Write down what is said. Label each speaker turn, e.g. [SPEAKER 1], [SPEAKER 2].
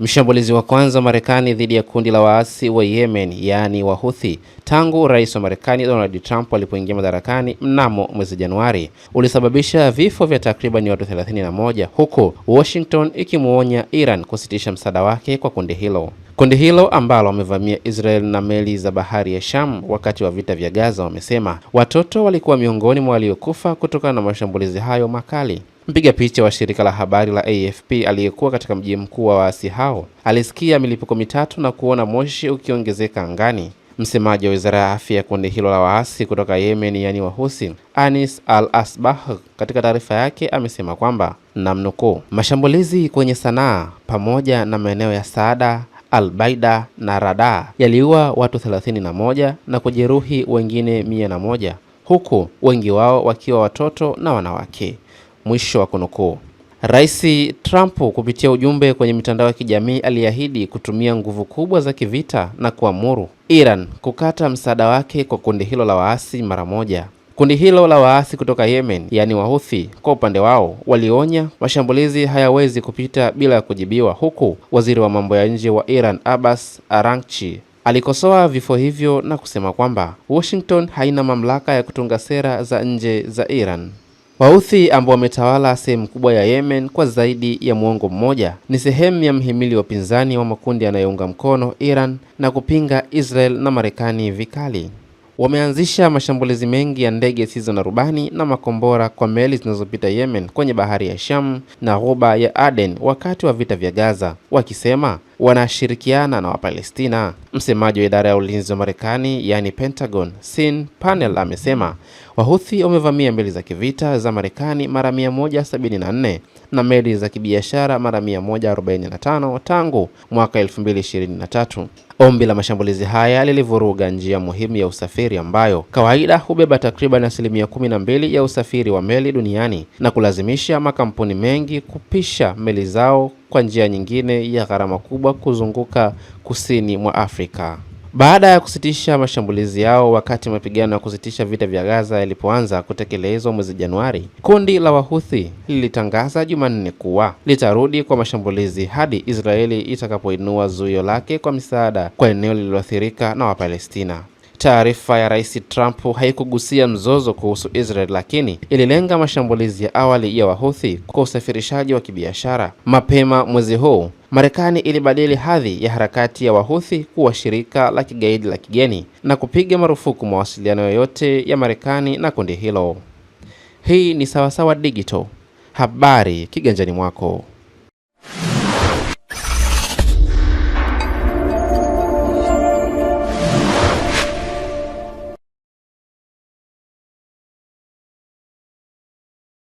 [SPEAKER 1] Mshambulizi wa kwanza Marekani dhidi ya kundi la waasi wa Yemen yaani Wahuthi tangu rais wa Marekani Donald Trump alipoingia madarakani mnamo mwezi Januari ulisababisha vifo vya takriban watu 31 huku Washington ikimuonya Iran kusitisha msaada wake kwa kundi hilo. Kundi hilo ambalo wamevamia Israel na meli za bahari ya sham wakati wa vita vya Gaza wamesema watoto walikuwa miongoni mwa waliokufa kutokana na mashambulizi hayo makali. Mpiga picha wa shirika la habari la AFP aliyekuwa katika mji mkuu wa waasi hao alisikia milipuko mitatu na kuona moshi ukiongezeka angani. Msemaji wa wizara ya afya ya kundi hilo la waasi kutoka Yemen, yani Wahusi, Anis Al Asbah, katika taarifa yake amesema kwamba namnukuu, mashambulizi kwenye Sanaa pamoja na maeneo ya Saada Albaida na rada yaliua watu 31 na, na kujeruhi wengine mia na moja huku wengi wao wakiwa watoto na wanawake. Mwisho wa kunukuu. Rais Trump kupitia ujumbe kwenye mitandao ya kijamii aliahidi kutumia nguvu kubwa za kivita na kuamuru Iran kukata msaada wake kwa kundi hilo la waasi mara moja. Kundi hilo la waasi kutoka Yemen, yaani Wahuthi, kwa upande wao walionya mashambulizi hayawezi kupita bila ya kujibiwa, huku waziri wa mambo ya nje wa Iran Abbas Araghchi alikosoa vifo hivyo na kusema kwamba Washington haina mamlaka ya kutunga sera za nje za Iran. Wauthi ambao wametawala sehemu kubwa ya Yemen kwa zaidi ya muongo mmoja ni sehemu ya mhimili wa upinzani wa makundi yanayounga mkono Iran na kupinga Israel na Marekani vikali wameanzisha mashambulizi mengi ya ndege zisizo na rubani na makombora kwa meli zinazopita Yemen kwenye bahari ya Sham na ghuba ya Aden wakati wa vita vya Gaza, wakisema wanashirikiana na Wapalestina. Msemaji wa idara ya ulinzi wa Marekani yani Pentagon, Sin Panel amesema Wahuthi wamevamia meli za kivita za Marekani mara 174 na meli za kibiashara mara 145 tangu mwaka 2023. Ombi la mashambulizi haya lilivuruga njia muhimu ya usafiri ambayo kawaida hubeba takriban asilimia kumi na mbili ya usafiri wa meli duniani na kulazimisha makampuni mengi kupisha meli zao kwa njia nyingine ya gharama kubwa kuzunguka kusini mwa Afrika. Baada ya kusitisha mashambulizi yao wakati mapigano ya kusitisha vita vya Gaza yalipoanza kutekelezwa mwezi Januari, kundi la Wahuthi lilitangaza Jumanne kuwa litarudi kwa mashambulizi hadi Israeli itakapoinua zuio lake kwa misaada kwa eneo lililoathirika na Wapalestina. Taarifa ya Rais Trump haikugusia mzozo kuhusu Israel, lakini ililenga mashambulizi ya awali ya Wahuthi kwa usafirishaji wa kibiashara. Mapema mwezi huu, Marekani ilibadili hadhi ya harakati ya Wahuthi kuwa shirika la kigaidi la kigeni na kupiga marufuku mawasiliano yoyote ya Marekani na kundi hilo. Hii ni Sawasawa Digital, habari kiganjani mwako.